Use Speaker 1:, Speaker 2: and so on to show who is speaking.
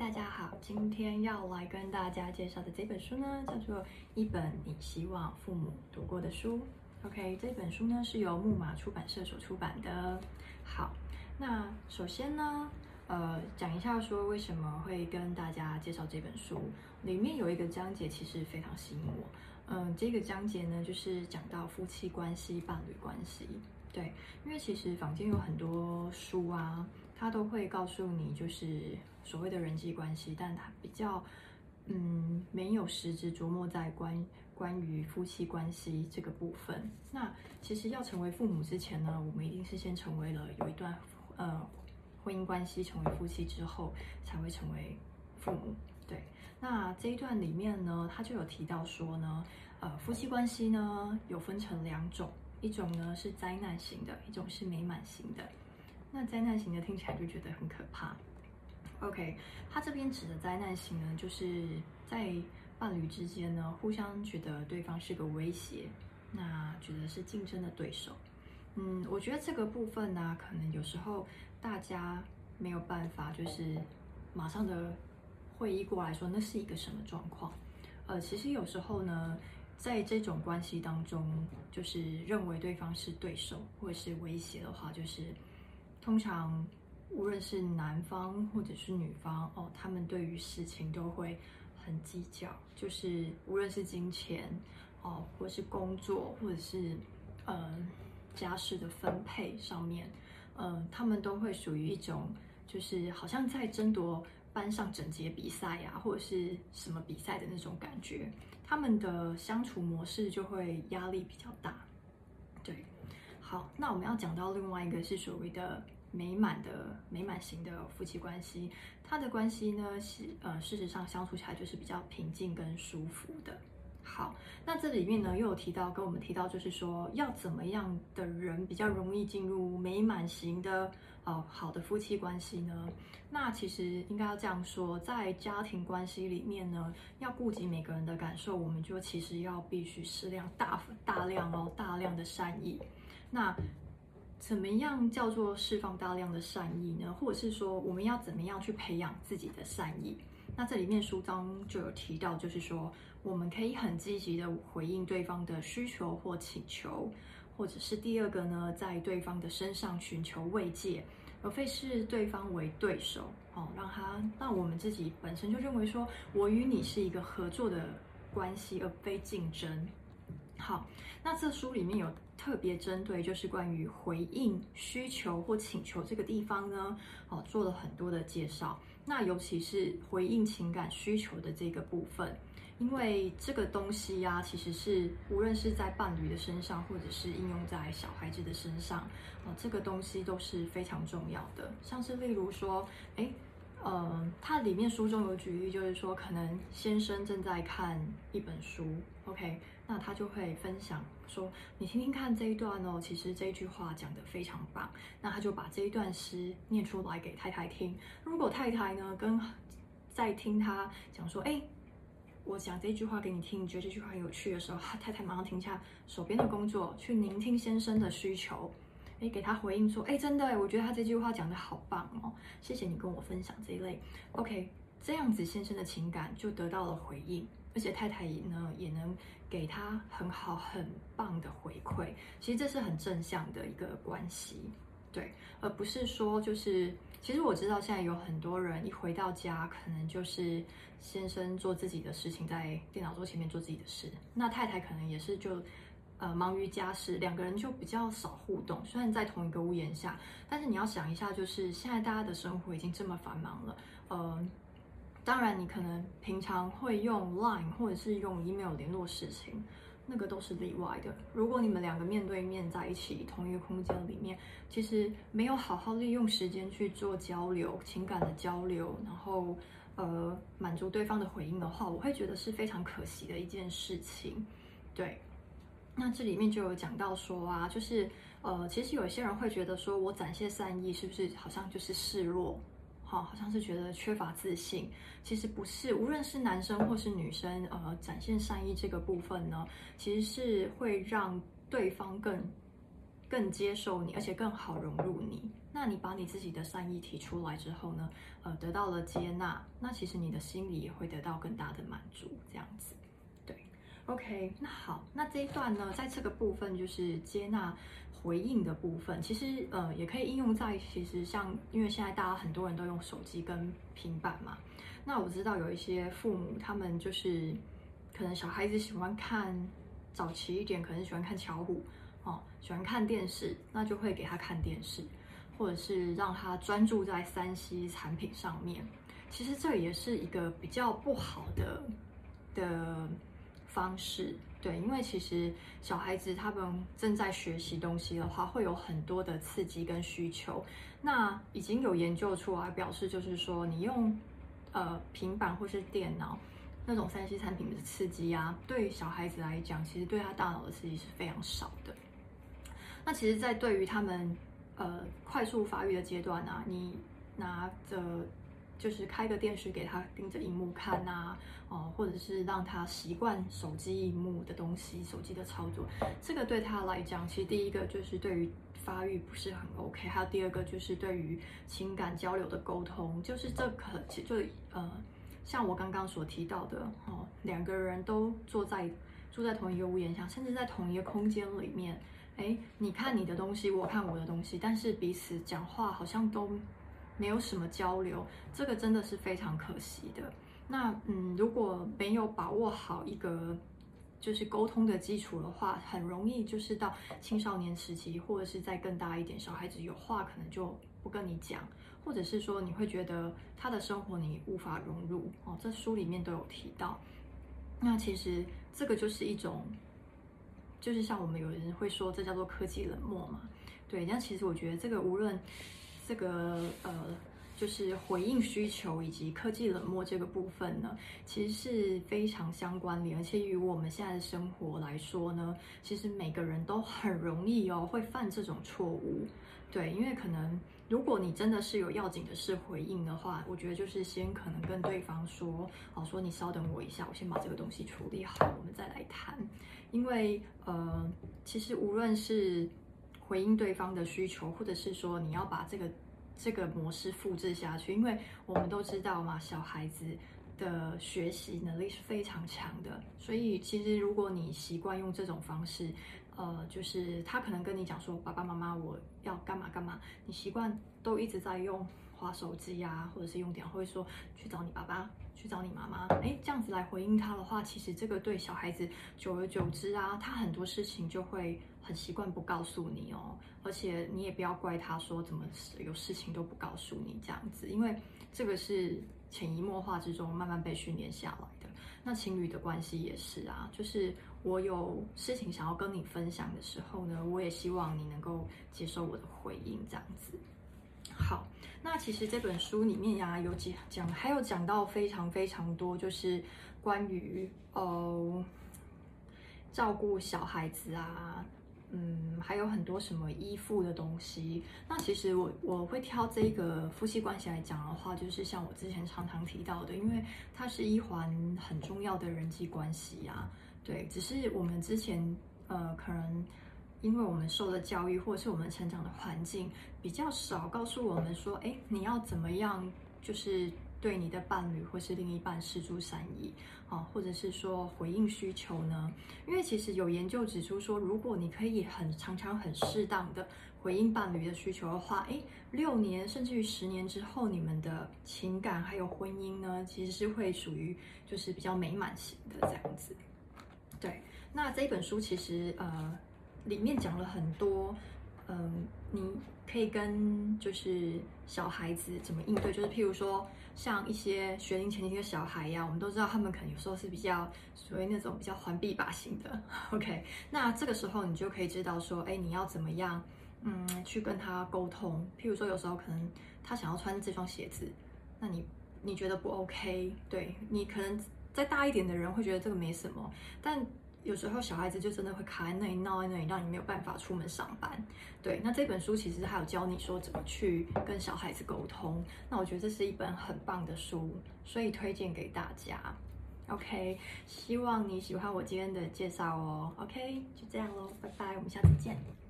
Speaker 1: 大家好，今天要來跟大家介紹的這本書呢，叫做《一本你希望父母讀過的書》。OK，這本書呢是由木馬出版社所出版的。好，那首先呢，呃，講一下說為什麼會跟大家介紹這本書。裡面有一個章節其實非常吸引我，嗯、呃，這個章節呢就是講到夫妻關係、伴侶關係。對，因為其實坊間有很多書啊。他都會告訴你，就是所謂的人際關係，但他比較，嗯，沒有實質著墨在關關於夫妻關係這個部分。那其實要成為父母之前呢，我們一定是先成為了有一段呃婚姻關係，成為夫妻之後才會成為父母。對，那這一段裡面呢，他就有提到說呢，呃，夫妻關係呢有分成兩種，一種呢是災難型的，一種是美滿型的。那災難型的聽起來就覺得很可怕。OK，他這邊指的災難型呢，就是在伴侶之間呢，互相覺得對方是個威脅，那覺得是競爭的對手。嗯，我覺得這個部分呢，啊，可能有時候大家沒有辦法，就是馬上的會意過來說那是一個什麼狀況。呃，其實有時候呢，在這種關係當中，就是認為對方是對手或者是威脅的話，就是。通常，無論是男方或者是女方，哦，他們對於事情都會很計較，就是無論是金錢，哦，或是工作，或者是，嗯、呃，家事的分配上面，嗯、呃，他們都會屬於一種，就是好像在爭奪班上整潔比賽呀、啊，或者是什麼比賽的那種感覺。他們的相處模式就會壓力比較大，對。好，那我們要講到另外一個是所謂的美滿的美滿型的夫妻關係，它的關係呢是呃，事實上相處起來就是比較平靜跟舒服的。好，那這裡面呢又有提到跟我們提到，就是說要怎麼樣的人比較容易進入美滿型的哦、呃、好的夫妻關係呢？那其實應該要這樣說，在家庭關係裡面呢，要顧及每個人的感受，我們就其實要必須適量大、大大量哦，大量的善意。那怎麼樣叫做釋放大量的善意呢？或者是說，我們要怎麼樣去培養自己的善意？那這裡面書中就有提到，就是說，我們可以很積極的回應對方的需求或請求，或者是第二個呢，在對方的身上尋求慰藉，而非視對方為對手哦，讓他讓我們自己本身就認為說，我與你是一個合作的關係，而非競爭。好，那這書裡面有特別針對就是關於回應需求或請求這個地方呢，哦，做了很多的介紹。那尤其是回應情感需求的這個部分，因為這個東西呀、啊，其實是無論是在伴侶的身上，或者是應用在小孩子的身上，哦，這個東西都是非常重要的。像是例如說，欸呃、嗯，他裡面書中有舉例，就是說可能先生正在看一本書，OK，那他就會分享說，你聽聽看這一段哦，其實這一句話講得非常棒。那他就把這一段詩念出來給太太聽。如果太太呢跟在聽他講說，哎、欸，我講這句話給你聽，你覺得這句話很有趣的時候，他太太馬上停下手邊的工作，去聆聽先生的需求。你給他回應說，哎，真的，我覺得他這句話講得好棒哦，謝謝你跟我分享這一類。OK，這樣子先生的情感就得到了回應，而且太太呢也能給他很好很棒的回饋。其實這是很正向的一個關係，對，而不是說就是，其實我知道現在有很多人一回到家，可能就是先生做自己的事情，在電腦桌前面做自己的事，那太太可能也是就。呃，忙於家事，兩個人就比較少互動。雖然在同一個屋檐下，但是你要想一下，就是現在大家的生活已經這麼繁忙了。呃，當然，你可能平常會用 Line 或者是用 Email 聯絡事情，那個都是例外的。如果你們兩個面對面在一起，同一個空間裡面，其實沒有好好利用時間去做交流、情感的交流，然後呃滿足對方的回應的話，我會覺得是非常可惜的一件事情。對。那這裡面就有講到說啊，就是呃，其實有些人會覺得說，我展現善意是不是好像就是示弱？好，好像是覺得缺乏自信。其實不是，無論是男生或是女生，呃，展現善意這個部分呢，其實是會讓對方更更接受你，而且更好融入你。那你把你自己的善意提出來之後呢，呃，得到了接納，那其實你的心裡也會得到更大的滿足，這樣子。OK，那好，那這一段呢，在這個部分就是接納回應的部分。其實，呃，也可以應用在其實像，因為現在大家很多人都用手機跟平板嘛。那我知道有一些父母，他們就是可能小孩子喜歡看早期一點，可能喜歡看巧虎哦，喜歡看電視，那就會給他看電視，或者是讓他專注在 3C 產品上面。其實這也是一個比較不好的的。方式對，因為其實小孩子他們正在學習東西的話，會有很多的刺激跟需求。那已經有研究出來表示，就是說你用呃平板或是電腦那種三 C 產品的刺激啊，對小孩子來講，其實對他大腦的刺激是非常少的。那其實，在對於他們呃快速發育的階段啊，你拿着就是開個電視給他盯着螢幕看吶，哦，或者是讓他習慣手機螢幕的東西、手機的操作。這個對他來講，其實第一個就是對於發育不是很 OK，還有第二個就是對於情感交流的溝通，就是這可、個、就呃，像我剛剛所提到的哦，兩個人都坐在住在同一個屋檐下，甚至在同一個空間裡面，哎，你看你的東西，我看我的東西，但是彼此講話好像都。沒有什麼交流，這個真的是非常可惜的。那嗯，如果沒有把握好一個就是溝通的基礎的話，很容易就是到青少年時期，或者是再更大一點，小孩子有話可能就不跟你講，或者是說你會覺得他的生活你無法融入哦。這書裡面都有提到。那其實這個就是一種，就是像我們有人會說這叫做科技冷漠嘛。對，那其實我覺得這個無論。這個呃，就是回應需求以及科技冷漠這個部分呢，其實是非常相關聯，而且與我們現在的生活來說呢，其實每個人都很容易哦會犯這種錯誤。對，因為可能如果你真的是有要緊的事回應的話，我覺得就是先可能跟對方說，好、哦，說你稍等我一下，我先把這個東西處理好，我們再來談。因為呃，其實無論是回應對方的需求，或者是說你要把這個這個模式複製下去，因為我們都知道嘛，小孩子的學習能力是非常強的，所以其實如果你習慣用這種方式，呃，就是他可能跟你講說，爸爸媽媽我要幹嘛幹嘛，你習慣都一直在用。花手機呀、啊，或者是用點，會說去找你爸爸，去找你媽媽，誒，這樣子來回應他的話，其實這個對小孩子久而久之啊，他很多事情就會很習慣不告訴你哦，而且你也不要怪他說怎麼有事情都不告訴你這樣子，因為這個是潛移默化之中慢慢被訓練下來的。那情侶的關係也是啊，就是我有事情想要跟你分享的時候呢，我也希望你能夠接受我的回應，這樣子。好，那其實這本書裡面呀，有幾講，還有講到非常非常多，就是關於哦照顧小孩子啊，嗯，還有很多什麼依附的東西。那其實我我會挑這個夫妻關係來講的話，就是像我之前常常提到的，因為它是一環很重要的人際關係啊。對，只是我們之前呃可能。因為我們受的教育，或者是我們成長的環境比較少，告訴我們說：“哎，你要怎麼樣，就是對你的伴侶或是另一半釋出善意啊，或者是說回應需求呢？”因為其實有研究指出說，如果你可以很常常很適當的回應伴侶的需求的話，哎，六年甚至於十年之後，你們的情感還有婚姻呢，其實是會屬於就是比較美滿型的這樣子。對，那這一本書其實呃。裡面講了很多，嗯，你可以跟就是小孩子怎麼應對，就是譬如說像一些學齡前的一個小孩呀，我們都知道他們可能有時候是比較所謂那種比較歡必霸型的，OK，那這個時候你就可以知道說，哎、欸，你要怎麼樣，嗯，去跟他溝通。譬如說有時候可能他想要穿這雙鞋子，那你你覺得不 OK，對，你可能再大一點的人會覺得這個沒什麼，但。有時候小孩子就真的會卡在那裡，鬧在那裡，讓你沒有辦法出門上班。對，那這本書其實還有教你說怎麼去跟小孩子溝通。那我覺得這是一本很棒的書，所以推薦給大家。OK，希望你喜歡我今天的介紹哦。OK，就這樣咯，拜拜，我們下次見。